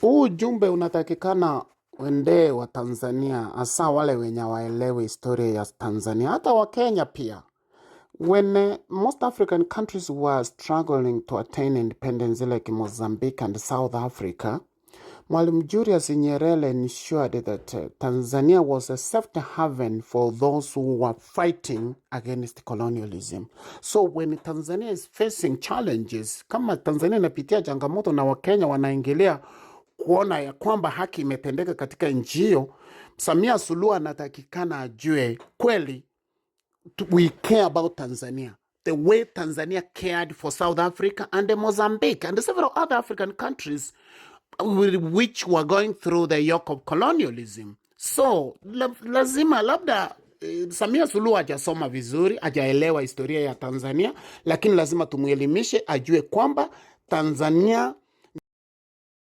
Huu ujumbe unatakikana wendee wa Tanzania, hasa wale wenye waelewe historia ya Tanzania, hata wa Kenya pia. When uh, most African countries were struggling to attain independence like Mozambique and South Africa, Mwalimu Julius Nyerere ensured that uh, Tanzania was a safe haven for those who were fighting against colonialism. So when Tanzania is facing challenges, kama Tanzania inapitia changamoto na Wakenya wanaingilia kuona ya kwamba haki imetendeka katika nchi hiyo, Samia Suluhu anatakikana ajue kweli we care about Tanzania the way Tanzania cared for South Africa and Mozambique and several other African countries which were going through the yoke of colonialism. So lazima labda eh, Samia Suluhu hajasoma vizuri, hajaelewa historia ya Tanzania, lakini lazima tumwelimishe ajue kwamba Tanzania